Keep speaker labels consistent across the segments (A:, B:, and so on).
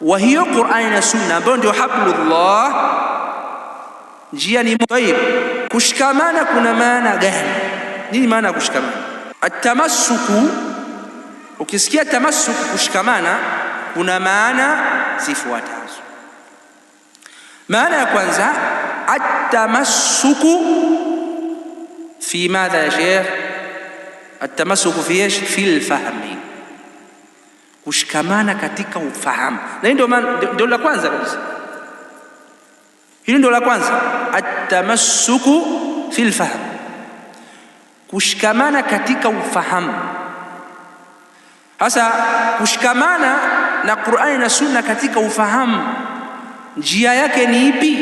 A: وهي قرآن سنة بند حبل الله جياني طيب كشكمانا كنا مانا جهن نين مانا كشكمانا التمسك وكسكي التمسك كشكمانا كنا مانا سيفواتا مانا كوانزا التمسك في ماذا يا شيخ التمسك في ايش في الفهمين kushikamana katika ufahamu. Na ndio ndio la kwanza kabisa, Hili ndio la kwanza, atamassuku fil fahm, kushikamana katika ufahamu. Sasa kushikamana na Qur'ani na Sunna katika ufahamu, njia yake ni ipi?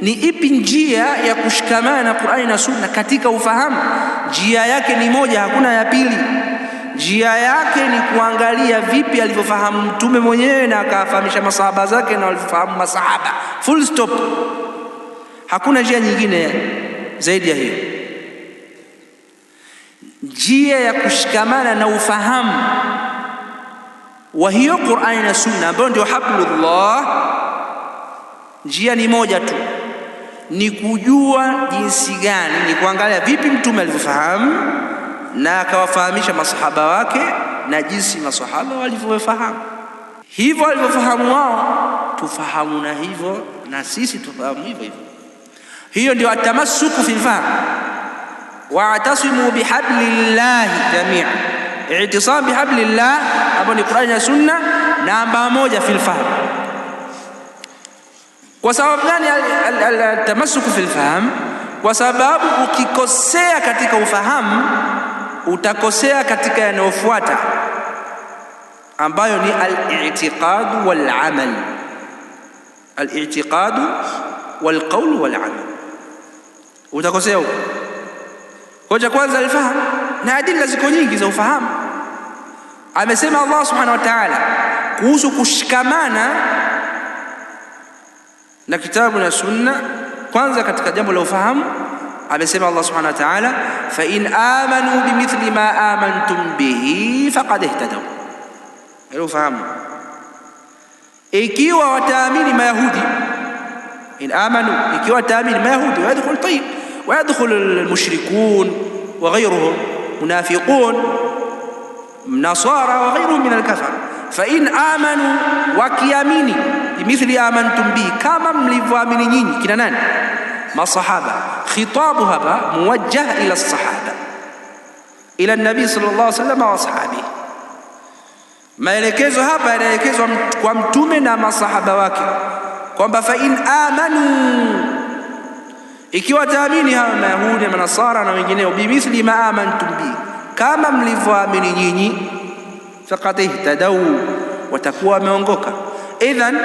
A: Ni ipi njia ya kushikamana na Qur'ani na Sunna katika ufahamu? Njia yake ni moja, hakuna ya pili njia yake ni kuangalia vipi alivyofahamu mtume mwenyewe na akawafahamisha masahaba zake na walivyofahamu masahaba. Full stop, hakuna njia nyingine zaidi ya hiyo. Njia ya kushikamana na ufahamu wa hiyo Qur'ani na Sunna ambayo ndio hablullah. Njia ni moja tu, ni kujua jinsi gani, ni kuangalia vipi mtume alivyofahamu na akawafahamisha masahaba wake na jinsi masahaba walivyofahamu. Hivyo walivyofahamu wao, tufahamu na hivyo na sisi tufahamu hivyo hivyo. Hiyo ndio atamasuku fi lfahm, watasimu bihablillahi jamia, itisam bihablillah, ambao ni Qurani na Sunna, namba moja fi lfahm. Kwa sababu gani? Atamasuku fi lfahm, kwa sababu ukikosea katika ufahamu utakosea katika yanayofuata ambayo ni al-i'tiqad wal amal, al-i'tiqad wal qawl wal amal, utakosea huko. Kwa kwanza alfahamu, na adila ziko nyingi za ufahamu. Amesema Allah subhanahu wa ta'ala kuhusu kushikamana na kitabu na sunna, kwanza katika jambo la ufahamu amesema Allah subhanahu wa ta'ala, fa in amanu bimithli ma amantum bihi faqad ihtadaw. Hilo fahamu, ikiwa wataamini Mayahudi, in amanu, ikiwa wataamini Mayahudi, wayadkhul tayyib, wayadkhul almushrikun wa ghayruhum, munafiqun, nasara wa ghayruhum min alkafara. Fa in amanu, wakiamini, bimithli amantum bihi, kama mlivyoamini nyinyi, kina nani? Masahaba khitabu hapa muwajjah ila sahaba ila nabii sallallahu alaihi wasallam wa ashabihi, maelekezo hapa yanaelekezwa kwa mtume na masahaba wake kwamba fa in amanu, ikiwa taamini hawa Mayahudi na Manasara na wengineo, bimithli ma amantum bi, kama mlivyoamini nyinyi, faqad ihtadau, watakuwa wameongoka. Idhan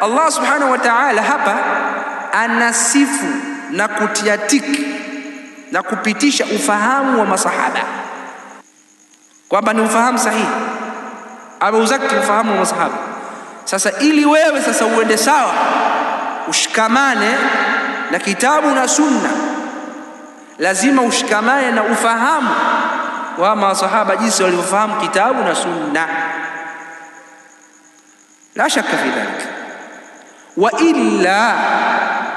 A: Allah subhanahu wa ta'ala hapa anasifu na kutia tiki na kupitisha ufahamu wa masahaba kwamba ni ufahamu sahihi, ameuzaki ufahamu wa masahaba. Sasa ili wewe sasa uende sawa, ushikamane na kitabu na sunna, lazima ushikamane na ufahamu wa masahaba, jinsi walivyofahamu kitabu na sunna. La shaka fi dhalika, wa illa,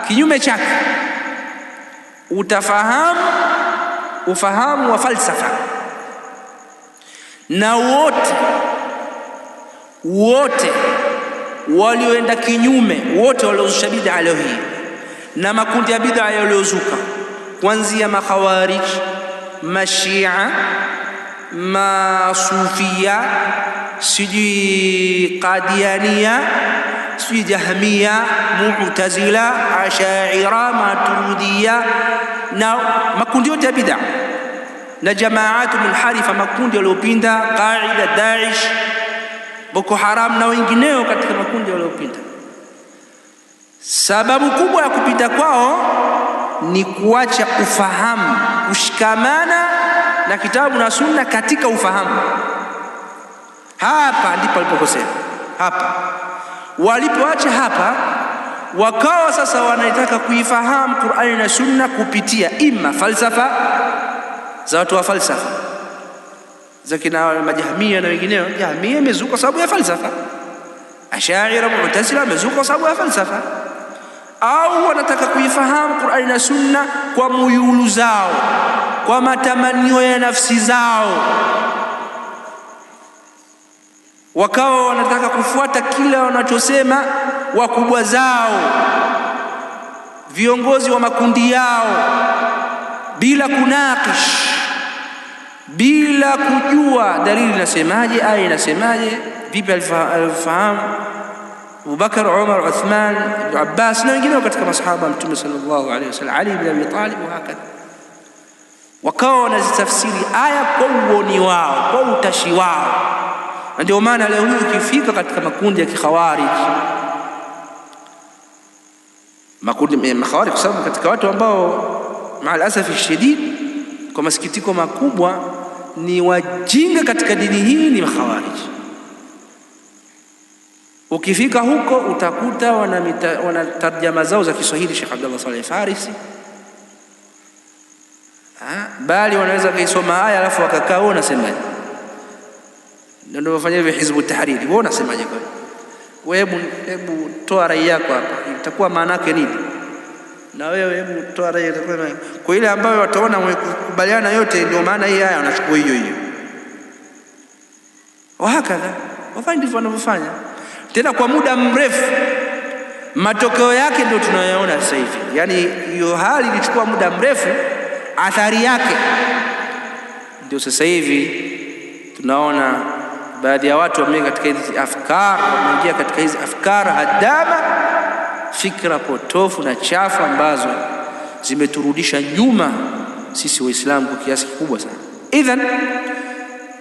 A: kinyume chake utafahamu ufahamu wa falsafa na wote wote walioenda kinyume, wote waliozusha bidaa leo hii na makundi ya bidaa yaliyozuka kuanzia makhawariji, mashia, masufia, sijui qadiania si Jahmiya, Mu'tazila, Ashaira, Maturidia na makundi yote ya bid'a na jamaatu munharifa, makundi yaliyopinda Qaida, Daesh, Boko Haram na wengineo katika makundi yaliyopinda. Sababu kubwa ya kupinda kwao ni kuacha ufahamu, kushikamana na kitabu na sunna katika ufahamu. Hapa ndipo alipokosea hapa Walipoacha hapa, wakawa sasa wanaitaka kuifahamu Qur'ani na Sunna kupitia imma falsafa za watu wa falsafa za kina Majahmia na wengineo. Jahmia imezuka kwa sababu ya falsafa, Ashaira, Mu'tazila imezuka kwa sababu ya falsafa, au wanataka kuifahamu Qur'ani na Sunna kwa muyulu zao, kwa matamanio ya nafsi zao wakawa wanataka kufuata kila wanachosema wakubwa zao, viongozi wa makundi yao, bila kunakish, bila kujua dalili inasemaje, aya inasemaje, vipi alivyofahamu Abubakar, Umar, Uthman, Ibn Abbas na wengine katika masahaba wa Mtume sallallahu alaihi wasallam, Ali ibn Abi Talib, hakadha. Wakawa wanazitafsiri aya kwa uoni wao, kwa utashi wao na ndio maana leo hii ukifika katika makundi ya kikhawarij makundi ya khawarij, kwa sababu katika watu ambao maalasafi shadid, kwa masikitiko makubwa, ni wajinga katika dini hii ni makhawariji Ukifika huko utakuta wana tarjama zao za Kiswahili, Sheikh Abdullah Saleh Farisi ah, bali wanaweza kaisoma haya alafu wakakaa, nasemaje ndio wafanya hivyo Hizbu Tahrir. Wewe unasemaje? Kwa wewe, hebu hebu toa rai yako hapa, itakuwa maana yake nini? Na wewe hebu toa rai yako kwa ile ambayo wataona wamekubaliana yote, ndio maana hii haya wanachukua hiyo hiyo, wahakadha wafanya ndivyo wanavyofanya tena kwa muda mrefu. Matokeo yake ndio tunayoona sasa hivi, yaani hiyo hali ilichukua muda mrefu, athari yake ndio sasa hivi tunaona baadhi ya watu wameingia katika hizi afkar, wameingia katika hizi afkar hadama, fikra potofu na chafu ambazo zimeturudisha nyuma sisi Waislamu kwa kiasi kikubwa sana. Idhan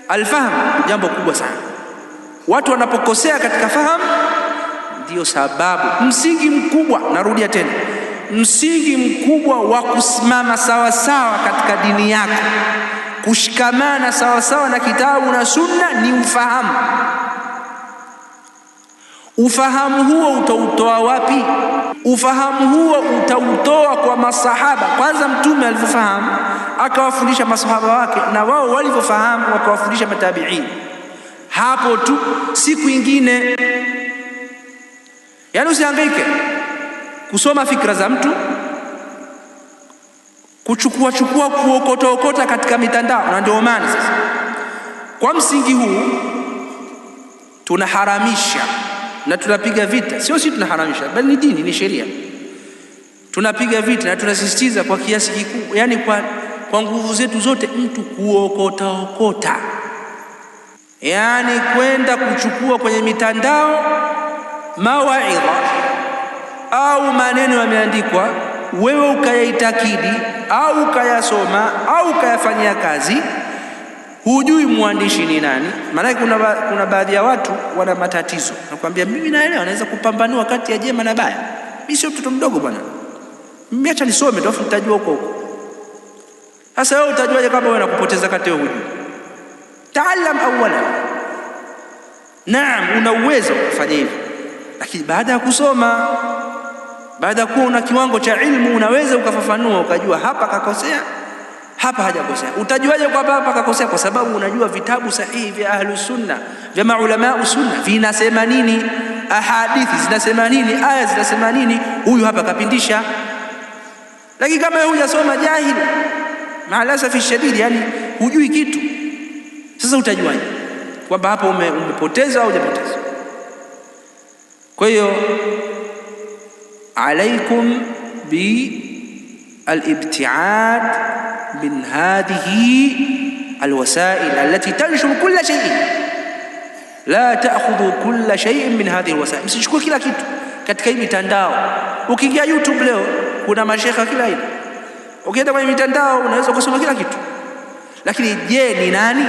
A: alfahamu ni jambo kubwa sana. Watu wanapokosea katika fahamu, ndiyo sababu msingi mkubwa, narudia tena, msingi mkubwa wa kusimama sawasawa katika dini yako kushikamana sawa sawa na kitabu na sunna ni ufahamu. Ufahamu huo utautoa wapi? Ufahamu huo utautoa kwa masahaba. Kwanza Mtume alivyofahamu akawafundisha masahaba wake, na wao walivyofahamu wakawafundisha matabiini. Hapo tu, si kwingine. Yaani usihangaike kusoma fikra za mtu kuchukua chukua kuokotaokota katika mitandao. Na ndio maana sasa, kwa msingi huu tunaharamisha na tunapiga vita, sio si tunaharamisha, bali ni dini, ni sheria. Tunapiga vita na tunasisitiza kwa kiasi kikubwa, yani kwa, kwa nguvu zetu zote, mtu kuokotaokota, yani kwenda kuchukua kwenye mitandao mawaidha au maneno yameandikwa, wewe ukayaitakidi au kayasoma au kayafanyia kazi, hujui mwandishi ni nani. Maanake kuna, ba, kuna baadhi ya watu wana matatizo, nakwambia mimi naelewa, naweza kupambanua kati ya jema na baya. Mimi sio mtoto mdogo bwana, mimi acha nisome tu, nitajua huko huko. Sasa wewe utajuaje kama wewe unakupoteza kati ya hujui? Taalam awala, naam, una uwezo kufanya hivyo, lakini baada ya kusoma baada ya kuwa una kiwango cha ilmu, unaweza ukafafanua ukajua hapa kakosea, hapa hajakosea. Utajuaje kwamba hapa kakosea? Kwa sababu unajua vitabu sahihi vya ahlusunna vya maulamaa sunna vinasema nini, ahadithi zinasema nini, aya zinasema nini, huyu hapa kapindisha. Lakini kama hujasoma, jahil maalasafi shadidi, yani hujui kitu, sasa utajuaje kwamba hapa umepoteza au hujapoteza? Kwa hiyo عليكم بالابتعاد من هذه الوسائل التي تنشر كل شيء لا تأخذوا كل شيء من هذه الوسائل مش كل كلا كتو كتك أي ميتانداو وكي يوتيوب له كنا ما كلا هنا وكي ده ما ميتانداو ناس كلا كتو لكن يجي نيناني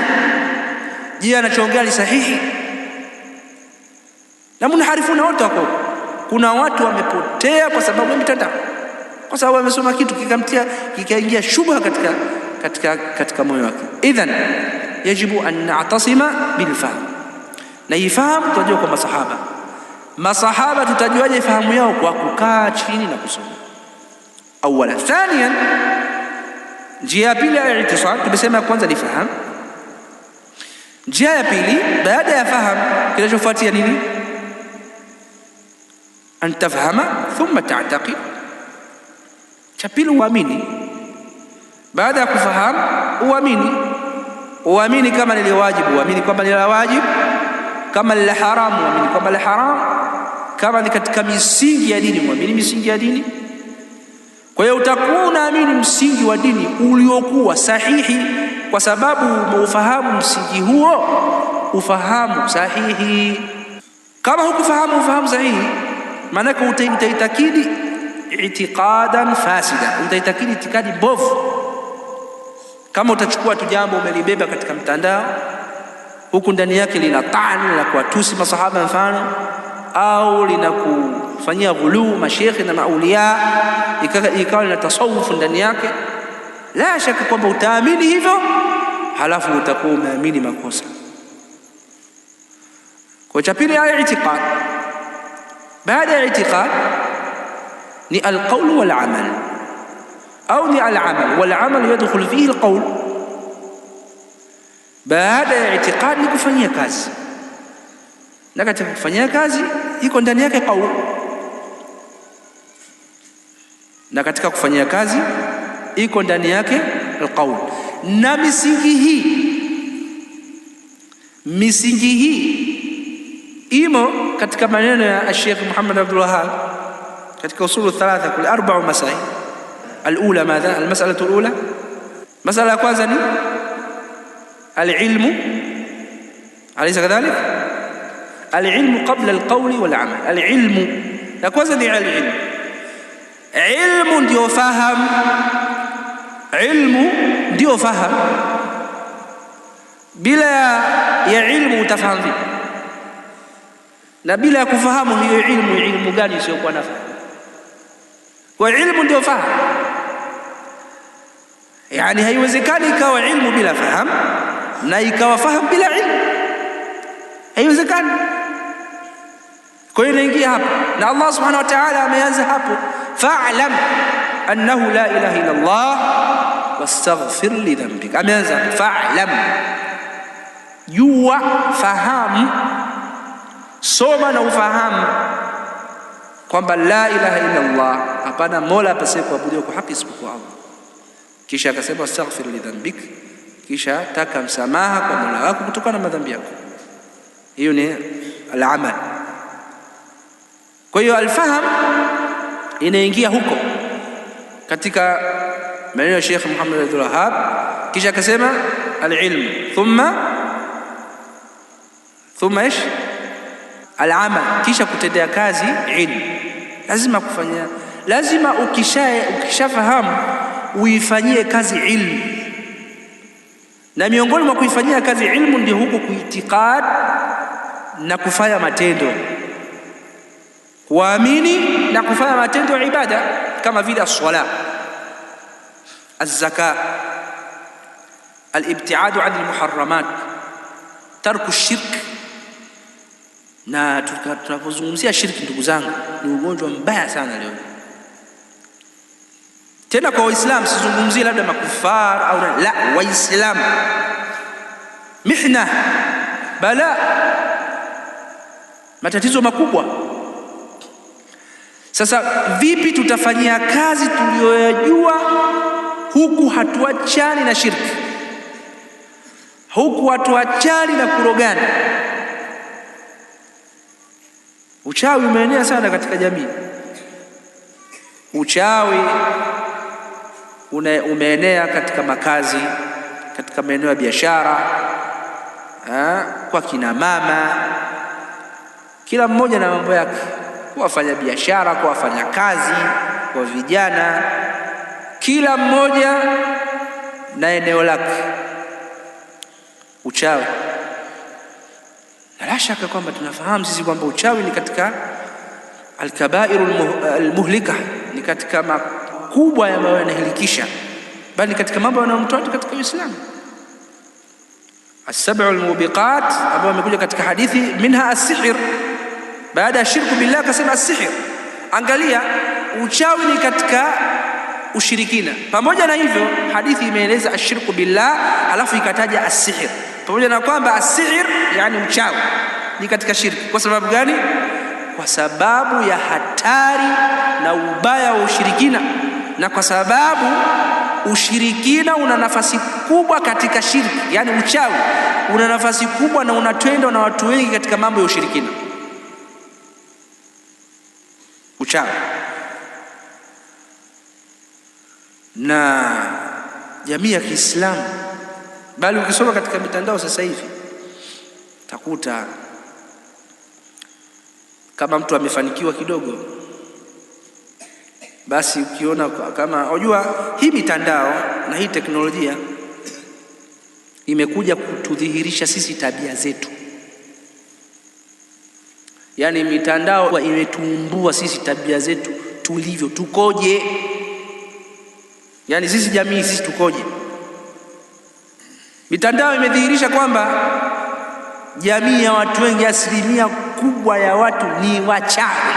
A: جي أنا شو صحيح لا من حارفون هون Kuna watu wamepotea kwa sababu ya mitandao, kwa sababu wamesoma kitu kikamtia kikaingia shubha katika, katika, katika moyo wake. Idhan yajibu an natasima bilfahm, na hii fahamu tutajua kwa masahaba. Masahaba tutajuaje fahamu yao? Kwa kukaa chini na kusoma awala. Thanian, njia ya pili ya itisam. Tumesema ya kwanza ni fahamu, njia ya pili baada ya fahamu kinachofuatia nini? antafhama tafhama thumma ta'taqid, cha pili uamini. Baada ya kufahamu uamini, uamini kama lile wajibu, uamini kwamba lile wajibu, kama lile haramu, uamini kwamba lile haramu, kama ni katika misingi ya dini, muamini misingi ya dini. Kwa hiyo utakuwa unaamini msingi wa dini uliokuwa sahihi, kwa sababu umeufahamu msingi huo ufahamu sahihi. Kama hukufahamu ufahamu sahihi maanake utaitakidi itiqadan fasida, utaitakidi itikadi bovu kama utachukua tu jambo umelibeba katika mtandao, huku ndani yake lina tani na kuwatusi masahaba mfano, au linakufanyia ghuluu mashekhe na maulia, ikawa lina tasawufu ndani yake, la shaka kwamba utaamini hivyo, halafu utakuwa umeamini makosa. Kwa cha pili, haya itiqadi baada ya itiqad ni alqaulu walamal au ni alamal walamal yadkhulu fihi alqaul. Baada ya itiqad ni kufanyia kazi, na katika kufanyia kazi iko ndani yake qaul, na katika kufanyia kazi iko ndani yake alqaul. Na misingi hii misingi hii imo katika maneno ya Sheikh Muhammad Abdul Wahhab katika usulu thalatha kule arba masail alula madha almasalatu alula masala ya kwanza ni alilmu alaysa kadhalik alilmu qabla alqawli walamal alilmu na kwanza ni alilmu ilmu ndio fahamu ilmu ndio fahamu bila ya ilmu utafahamu na bila ya kufahamu hiyo ilmu, ilmu gani isiyokuwa na fahamu? Kwa ilmu ndio fahamu, yani haiwezekani ikawa ilmu bila fahamu na ikawa fahamu bila ilmu, haiwezekani. Kwa hiyo inaingia hapo, na Allah subhanahu wa ta'ala ameanza hapo, fa'lam annahu la ilaha illa Allah wastaghfir li dhanbik. Ameanza fa'lam, jua, fahamu Soma na ufahamu kwamba la ilaha illa Allah, hapana mola apasaye kuabudiwa kwa haki isipokuwa Allah. Kisha akasema astaghfir li dhanbik, kisha taka msamaha kwa mola wako kutokana na madhambi yako. Hiyo ni alamal. Kwa hiyo alfaham inaingia huko katika maneno ya Sheikh Muhammad bin Abdul Wahhab, kisha akasema alilmu thumma thumma ish Alamal, kisha kutendea kazi ilmu. Lazima kufanya, lazima ukishafahamu uifanyie kazi ilmu, na miongoni mwa kuifanyia kazi ilmu ndio huko kuitikad na kufanya matendo, kuamini na kufanya matendo ya ibada kama vile as-sala, az-zaka, al an al tarku shirk na tunapozungumzia shirki, ndugu zangu, ni ugonjwa mbaya sana leo tena kwa Waislamu. Sizungumzie labda makufar au la, Waislamu mihna, bala, matatizo makubwa. Sasa vipi tutafanyia kazi tuliyoyajua, huku hatuachani na shirki, huku hatuachani na kurogana Uchawi umeenea sana katika jamii. Uchawi umeenea katika makazi, katika maeneo ya biashara, kwa kina mama, kila mmoja na mambo yake, kwa wafanya biashara, kwa wafanya kazi, kwa vijana, kila mmoja na eneo lake uchawi la shaka kwamba tunafahamu sisi kwamba uchawi ni katika alkabairu almuhlika, ni katika makubwa ambayo yanahilikisha, bali ni katika mambo yanayomtoa katika Uislamu. assabu lmubiqat ambayo amekuja katika hadithi, minha assihir Baada ya shirku billah akasema assihir Angalia, uchawi ni katika ushirikina. Pamoja na hivyo, hadithi imeeleza ashirku billah, alafu ikataja as pamoja na kwamba asihir, yani mchawi ni katika shirki. Kwa sababu gani? Kwa sababu ya hatari na ubaya wa ushirikina, na kwa sababu ushirikina una nafasi kubwa katika shirki, yani uchawi una nafasi kubwa na unatwendwa na watu wengi katika mambo ya ushirikina, uchawi na jamii ya Kiislamu bali ukisoma katika mitandao sasa hivi takuta kama mtu amefanikiwa kidogo, basi ukiona kama unajua, hii mitandao na hii teknolojia imekuja kutudhihirisha sisi tabia zetu, yaani mitandao imetuumbua sisi tabia zetu tulivyo, tukoje, yaani sisi jamii, sisi tukoje Mitandao imedhihirisha kwamba jamii ya watu wengi, asilimia kubwa ya watu ni wachawi,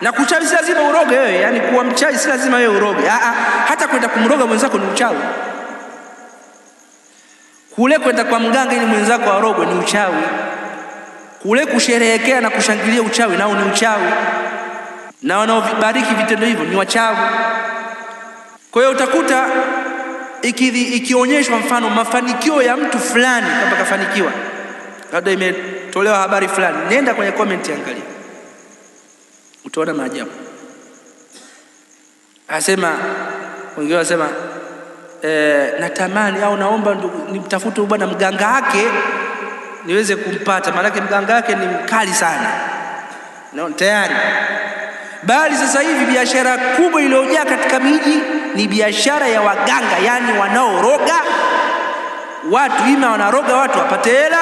A: na kuchawi si lazima uroge wewe. Yani kuwa mchawi si lazima wewe uroge, aa, hata kwenda kumroga mwenzako ni uchawi. Kule kwenda kwa mganga ili mwenzako arogwe ni uchawi. Kule kusherehekea na kushangilia uchawi nao ni uchawi, na wanaovibariki vitendo hivyo ni wachawi. Kwa hiyo utakuta ikionyeshwa iki mfano mafanikio ya mtu fulani kama kafanikiwa, labda imetolewa habari fulani, nenda kwenye comment, angalia, utaona maajabu. Asema wengine wasema e, eh, natamani au naomba nimtafute bwana mganga wake niweze kumpata, maanake mganga wake ni mkali sana no, tayari bali sasa hivi biashara kubwa iliyojaa katika miji ni biashara ya waganga, yani wanaoroga watu, ima wanaroga watu wapate hela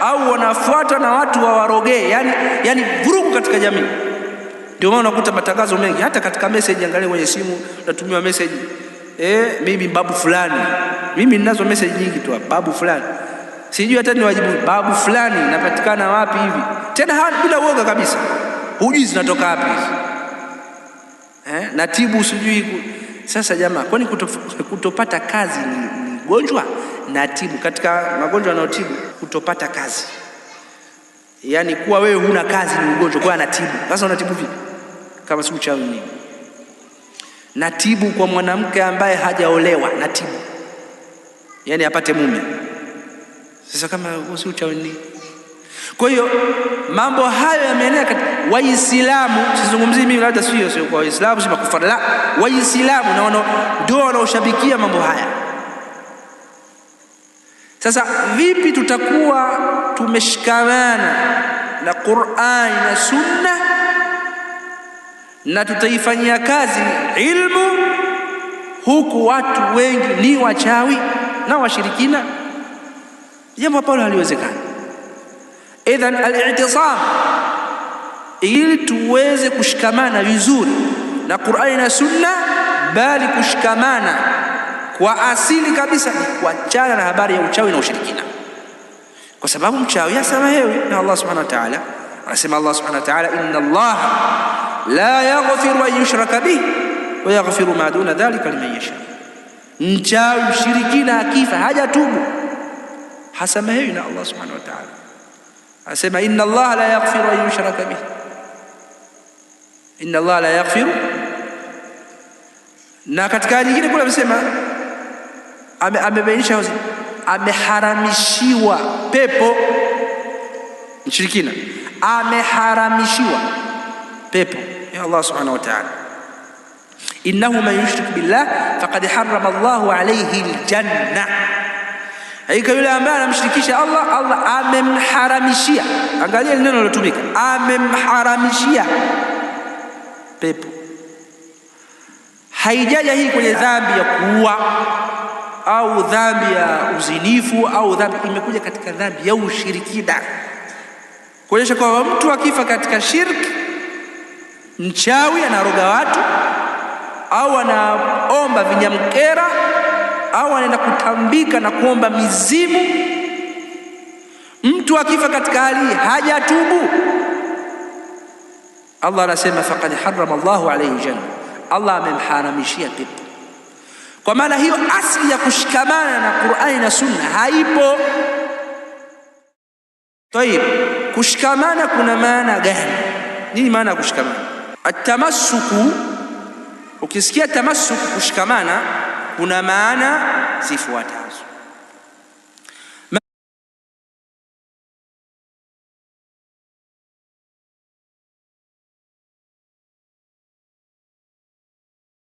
A: au wanafuata na watu wawarogee, yani, yani vurugu katika jamii. Ndio maana unakuta matangazo mengi hata katika message, angalia kwenye simu unatumiwa message eh, mimi babu fulani, mimi ninazo message nyingi tu, babu fulani sijui hata niwajibu, babu fulani napatikana wapi hivi, tena bila uoga kabisa, hujui zinatoka wapi eh, natibu sijui sasa jamaa, kwani kutopata kazi ni mgonjwa? Na tibu katika magonjwa yanayotibu kutopata kazi, yaani kuwa wewe huna kazi ni ugonjwa, kwa anatibu. Sasa unatibu vipi kama si uchawi na Natibu kwa mwanamke ambaye hajaolewa, natibu yaani apate mume. Sasa kama si uchawi nini? Kwa hiyo mambo hayo yameenea katika Waislamu, sizungumzii mimi labda sio sio kwa Waislamu si makufara la Waislamu na wana ndio wanaoshabikia mambo haya. Sasa vipi tutakuwa tumeshikamana na Qur'ani na Sunna na tutaifanyia kazi ilmu, huku watu wengi ni wachawi na washirikina, jambo ambalo haliwezekani. Idhan al-i'tisam ili tuweze kushikamana vizuri na Qur'ani na Sunna, bali kushikamana kwa asili kabisa ni kuachana na habari ya uchawi na ushirikina, kwa sababu mchawi asamehewi na Allah subhanahu wa ta'ala. Anasema Allah subhanahu wa ta'ala, inna Allah la yaghfiru an yushraka bihi wa yaghfiru ma duna dhalika liman yasha. Mchawi mshirikina akifa hajatubu, hasamehewi na Allah subhanahu wa ta'ala. Asema inna Allah la yaghfiru an yushraka bihi, inna Allah la yaghfiru. Na katika nyingine kule amesema amebainisha, ameharamishiwa pepo mshirikina, ameharamishiwa pepo ya Allah subhanahu wa ta'ala. Innahu man yushrik billah faqad harrama Allahu alayhi aljanna Hakika yule ambaye anamshirikisha Allah, Allah amemharamishia. Angalia neno lilotumika, amemharamishia pepo. Haijaja hii kwenye dhambi ya kuua au dhambi ya uzinifu au dhambi, imekuja katika dhambi ya ushirikina, kuonyesha kwamba mtu akifa katika shirki, mchawi anaroga watu au anaomba vinyamkera au anaenda kutambika na kuomba mizimu. Mtu akifa katika hali hajatubu, Allah anasema faqad harrama llahu alaihi janna, Allah amemharamishia pepo. Kwa maana hiyo asili ya kushikamana na Qur'ani na Sunna haipo. Tayib, kushikamana kuna maana gani? Nini maana ya kushikamana? Atamassuku, ukisikia tamassuku, kushikamana kuna maana zifuatazo.